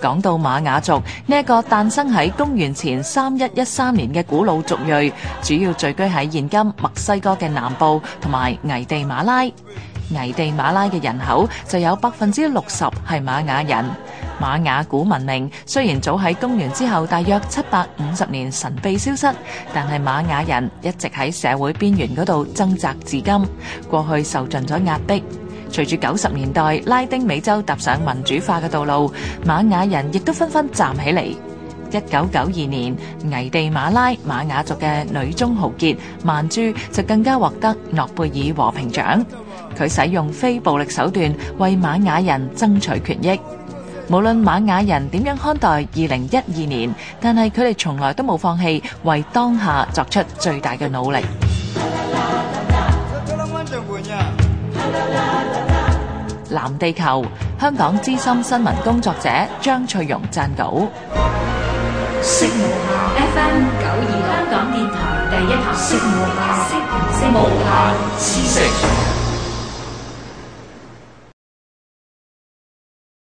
講到瑪雅族呢一個誕生喺公元前三一一三年嘅古老族裔，主要聚居喺現今墨西哥嘅南部同埋危地馬拉。危地馬拉嘅人口就有百分之六十係瑪雅人。瑪雅古文明雖然早喺公元之後大約七百五十年神秘消失，但係瑪雅人一直喺社會邊緣嗰度掙扎至今，過去受盡咗壓迫。隨住九十年代拉丁美洲踏上民主化嘅道路，瑪雅人亦都紛紛站起嚟。一九九二年，危地馬拉瑪雅族嘅女中豪傑曼珠就更加獲得諾貝爾和平獎。佢使用非暴力手段為瑪雅人爭取權益。無論瑪雅人點樣看待二零一二年，但係佢哋從來都冇放棄為當下作出最大嘅努力。藍地球，香港資深新聞工作者張翠蓉撰稿。